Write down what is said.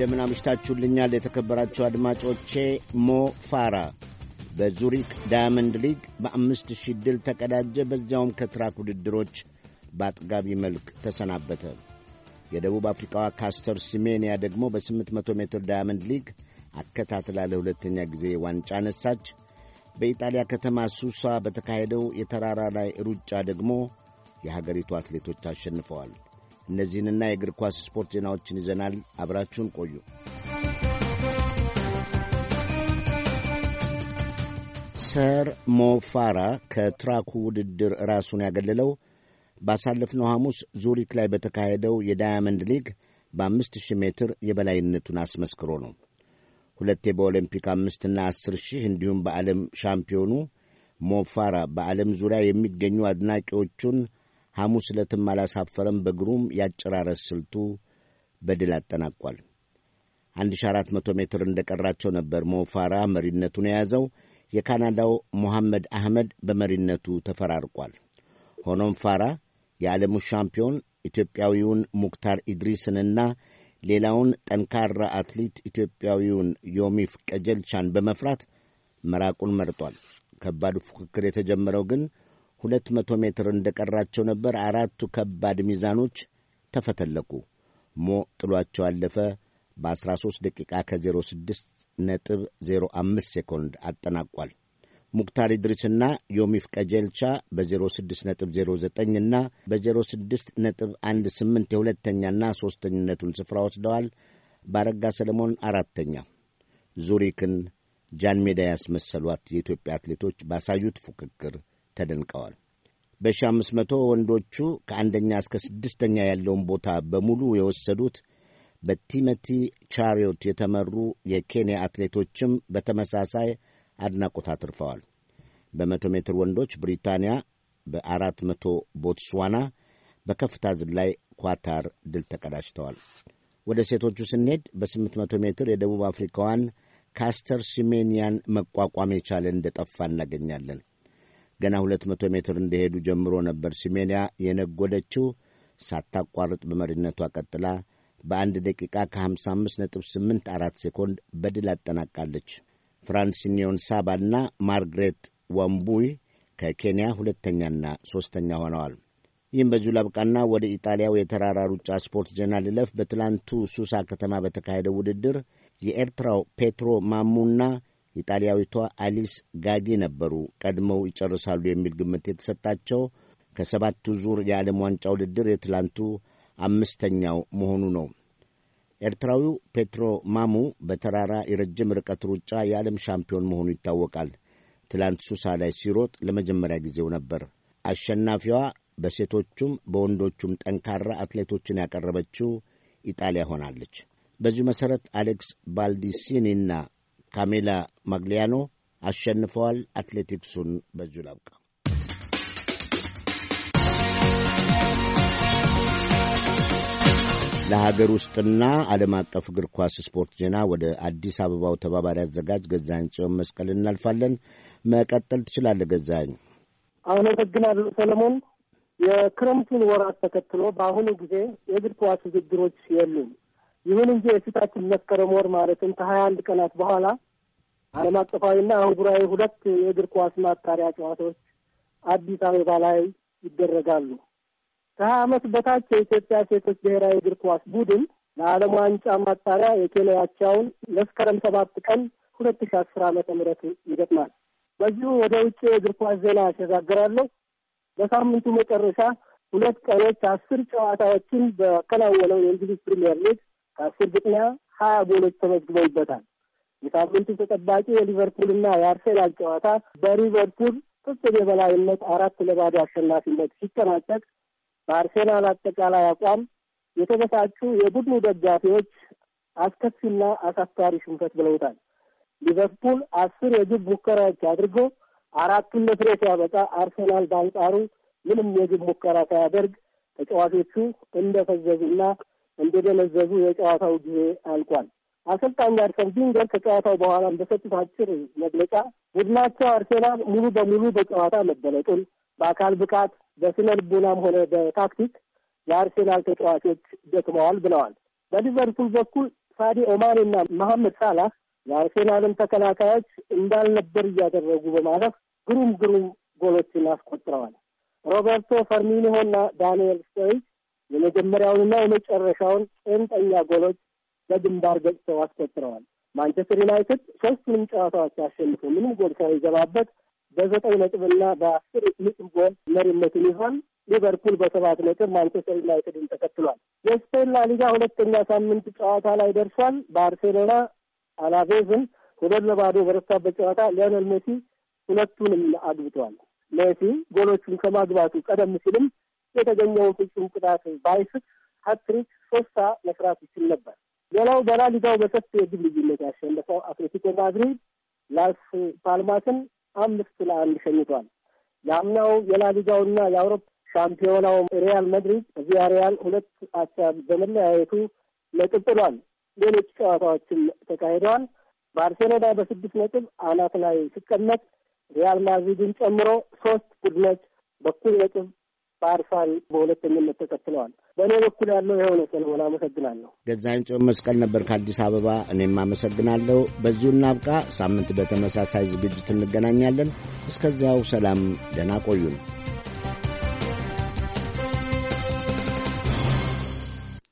እንደምን አምሽታችሁልኛል የተከበራችሁ አድማጮቼ። ሞ ፋራ በዙሪክ ዳያመንድ ሊግ በአምስት ሺህ ድል ተቀዳጀ። በዚያውም ከትራክ ውድድሮች በአጥጋቢ መልክ ተሰናበተ። የደቡብ አፍሪካዋ ካስተር ሲሜንያ ደግሞ በ800 ሜትር ዳያመንድ ሊግ አከታትላ ለሁለተኛ ጊዜ ዋንጫ ነሳች። በኢጣሊያ ከተማ ሱሳ በተካሄደው የተራራ ላይ ሩጫ ደግሞ የሀገሪቱ አትሌቶች አሸንፈዋል። እነዚህንና የእግር ኳስ ስፖርት ዜናዎችን ይዘናል። አብራችሁን ቆዩ። ሰር ሞፋራ ከትራኩ ውድድር ራሱን ያገለለው ባሳለፍነው ሐሙስ ዙሪክ ላይ በተካሄደው የዳያመንድ ሊግ በአምስት ሺህ ሜትር የበላይነቱን አስመስክሮ ነው። ሁለቴ በኦሎምፒክ አምስትና አስር ሺህ እንዲሁም በዓለም ሻምፒዮኑ ሞፋራ በዓለም ዙሪያ የሚገኙ አድናቂዎቹን ሐሙስ ዕለትም አላሳፈረም። በግሩም ያጨራረስ ስልቱ በድል አጠናቋል። 1400 ሜትር እንደ ቀራቸው ነበር ሞፋራ መሪነቱን የያዘው። የካናዳው ሞሐመድ አህመድ በመሪነቱ ተፈራርቋል። ሆኖም ፋራ የዓለሙ ሻምፒዮን ኢትዮጵያዊውን ሙክታር ኢድሪስንና ሌላውን ጠንካራ አትሌት ኢትዮጵያዊውን ዮሚፍ ቀጀልቻን በመፍራት መራቁን መርጧል። ከባዱ ፉክክር የተጀመረው ግን ሁለት መቶ ሜትር እንደ ቀራቸው ነበር አራቱ ከባድ ሚዛኖች ተፈተለኩ። ሞ ጥሏቸው አለፈ። በ13 ደቂቃ ከ06 ነጥብ 05 ሴኮንድ አጠናቋል። ሙክታር ኢድሪስና ዮሚፍ ቀጀልቻ በ06 ነጥብ 09 እና በ06 ነጥብ 18 የሁለተኛና ሦስተኝነቱን ስፍራ ወስደዋል። ባረጋ ሰለሞን አራተኛ። ዙሪክን ጃን ሜዳ ያስመሰሏት የኢትዮጵያ አትሌቶች ባሳዩት ፉክክር ተደንቀዋል። በ1500 ወንዶቹ ከአንደኛ እስከ ስድስተኛ ያለውን ቦታ በሙሉ የወሰዱት በቲሞቲ ቻሪዮት የተመሩ የኬንያ አትሌቶችም በተመሳሳይ አድናቆት አትርፈዋል። በመቶ ሜትር ወንዶች ብሪታንያ፣ በአራት መቶ ቦትስዋና፣ በከፍታ ዝላይ ኳታር ድል ተቀዳጅተዋል። ወደ ሴቶቹ ስንሄድ በ800 ሜትር የደቡብ አፍሪካዋን ካስተር ሲሜንያን መቋቋም የቻለ እንደጠፋ እናገኛለን። ገና ሁለት መቶ ሜትር እንደሄዱ ጀምሮ ነበር ሲሜንያ የነጎደችው። ሳታቋርጥ በመሪነቷ ቀጥላ በአንድ ደቂቃ ከ55.84 ሴኮንድ በድል አጠናቃለች። ፍራንሲኒዮን ሳባና ማርግሬት ዋምቡይ ከኬንያ ሁለተኛና ሦስተኛ ሆነዋል። ይህም በዚሁ ላብቃና ወደ ኢጣሊያው የተራራ ሩጫ ስፖርት ዜና ልለፍ። በትላንቱ ሱሳ ከተማ በተካሄደው ውድድር የኤርትራው ፔትሮ ማሙና ኢጣሊያዊቷ አሊስ ጋጊ ነበሩ ቀድመው ይጨርሳሉ የሚል ግምት የተሰጣቸው ከሰባቱ ዙር የዓለም ዋንጫ ውድድር የትላንቱ አምስተኛው መሆኑ ነው። ኤርትራዊው ፔትሮ ማሙ በተራራ የረጅም ርቀት ሩጫ የዓለም ሻምፒዮን መሆኑ ይታወቃል። ትላንት ሱሳ ላይ ሲሮጥ ለመጀመሪያ ጊዜው ነበር። አሸናፊዋ በሴቶቹም በወንዶቹም ጠንካራ አትሌቶችን ያቀረበችው ኢጣሊያ ሆናለች። በዚሁ መሠረት አሌክስ ባልዲሲኒ እና ካሜላ ማግሊያኖ አሸንፈዋል። አትሌቲክሱን በዚሁ ላብቃ። ለሀገር ውስጥና ዓለም አቀፍ እግር ኳስ ስፖርት ዜና ወደ አዲስ አበባው ተባባሪ አዘጋጅ ገዛኝ ጽዮን መስቀል እናልፋለን። መቀጠል ትችላለህ ገዛኝ። አመሰግናለሁ ሰለሞን። የክረምቱን ወራት ተከትሎ በአሁኑ ጊዜ የእግር ኳስ ውድድሮች የሉም። ይሁን እንጂ የፊታችን መስከረም ወር ማለትም ከሀያ አንድ ቀናት በኋላ ዓለም አቀፋዊና አህጉራዊ ሁለት የእግር ኳስ ማጣሪያ ጨዋታዎች አዲስ አበባ ላይ ይደረጋሉ። ከሀያ ዓመት በታች የኢትዮጵያ ሴቶች ብሔራዊ እግር ኳስ ቡድን ለዓለም ዋንጫ ማጣሪያ የኬንያቻውን መስከረም ሰባት ቀን ሁለት ሺ አስር ዓመተ ምህረት ይገጥማል። በዚሁ ወደ ውጭ የእግር ኳስ ዜና ያሸጋግራለሁ። በሳምንቱ መጨረሻ ሁለት ቀኖች አስር ጨዋታዎችን በከናወነው የእንግሊዝ ፕሪምየር ሊግ ከአስር ግጥሚያ ሀያ ጎሎች ተመዝግበውበታል። የሳምንቱ ተጠባቂ የሊቨርፑልና የአርሴናል ጨዋታ በሊቨርፑል ፍጹም የበላይነት አራት ለባዶ አሸናፊነት ሲጠናቀቅ በአርሴናል አጠቃላይ አቋም የተበሳጩ የቡድኑ ደጋፊዎች አስከፊና አሳፋሪ ሽንፈት ብለውታል። ሊቨርፑል አስር የግብ ሙከራዎች አድርጎ አራቱን ለፍሬ ሲያበቃ አርሴናል በአንጻሩ ምንም የግብ ሙከራ ሳያደርግ ተጫዋቾቹ እንደፈዘዙና እንደደነዘዙ የጨዋታው ጊዜ አልቋል። አሰልጣኝ አርሰን ቬንገር ከጨዋታው በኋላ በሰጡት አጭር መግለጫ ቡድናቸው አርሴናል ሙሉ በሙሉ በጨዋታ መበለጡን በአካል ብቃት በስነ ልቦናም ሆነ በታክቲክ የአርሴናል ተጫዋቾች ደክመዋል ብለዋል። በሊቨርፑል በኩል ሳዲ ኦማኔ እና መሐመድ ሳላህ የአርሴናልን ተከላካዮች እንዳልነበር እያደረጉ በማለፍ ግሩም ግሩም ጎሎችን አስቆጥረዋል። ሮበርቶ ፈርሚኒሆ እና ዳንኤል ስቶሪች የመጀመሪያውንና የመጨረሻውን ጥንጠኛ ጎሎች በግንባር ገጽተው አስቆጥረዋል። ማንቸስተር ዩናይትድ ሶስቱንም ጨዋታዎች አሸንፎ ምንም ጎል ሳይገባበት በዘጠኝ ነጥብና በአስር ነጥብ ጎል መሪነትን ይዟል። ሊቨርፑል በሰባት ነጥብ ማንቸስተር ዩናይትድን ተከትሏል። የስፔን ላሊጋ ሁለተኛ ሳምንት ጨዋታ ላይ ደርሷል። ባርሴሎና አላቬዝን ሁለት ለባዶ በረታበት ጨዋታ ሊዮኔል ሜሲ ሁለቱንም አግብተዋል። ሜሲ ጎሎቹን ከማግባቱ ቀደም ሲልም የተገኘውን ፍጹም ቅጣት ባይስት ሀትሪክ ሶስታ መስራት ይችል ነበር። ሌላው በላሊጋው በሰፊ የግብ ልዩነት ያሸነፈው አትሌቲኮ ማድሪድ ላስ ፓልማስን አምስት ለአንድ ሸኝቷል። የአምናው የላሊጋውና የአውሮፓ ሻምፒዮናው ሪያል ማድሪድ ቪያሪያል ሁለት አቻ በመለያየቱ ነጥብ ጥሏል። ሌሎች ጨዋታዎችም ተካሂደዋል። ባርሴሎና በስድስት ነጥብ አናት ላይ ሲቀመጥ ሪያል ማድሪድን ጨምሮ ሶስት ቡድኖች በኩል ነጥብ በአርሳል በሁለተኝነት ተከትለዋል። በእኔ በኩል ያለው የሆነ ሰለሞን አመሰግናለሁ። ገዛኝ ጽዮን መስቀል ነበር ከአዲስ አበባ። እኔም አመሰግናለሁ። በዚሁ እናብቃ። ሳምንት በተመሳሳይ ዝግጅት እንገናኛለን። እስከዚያው ሰላም፣ ደህና ነው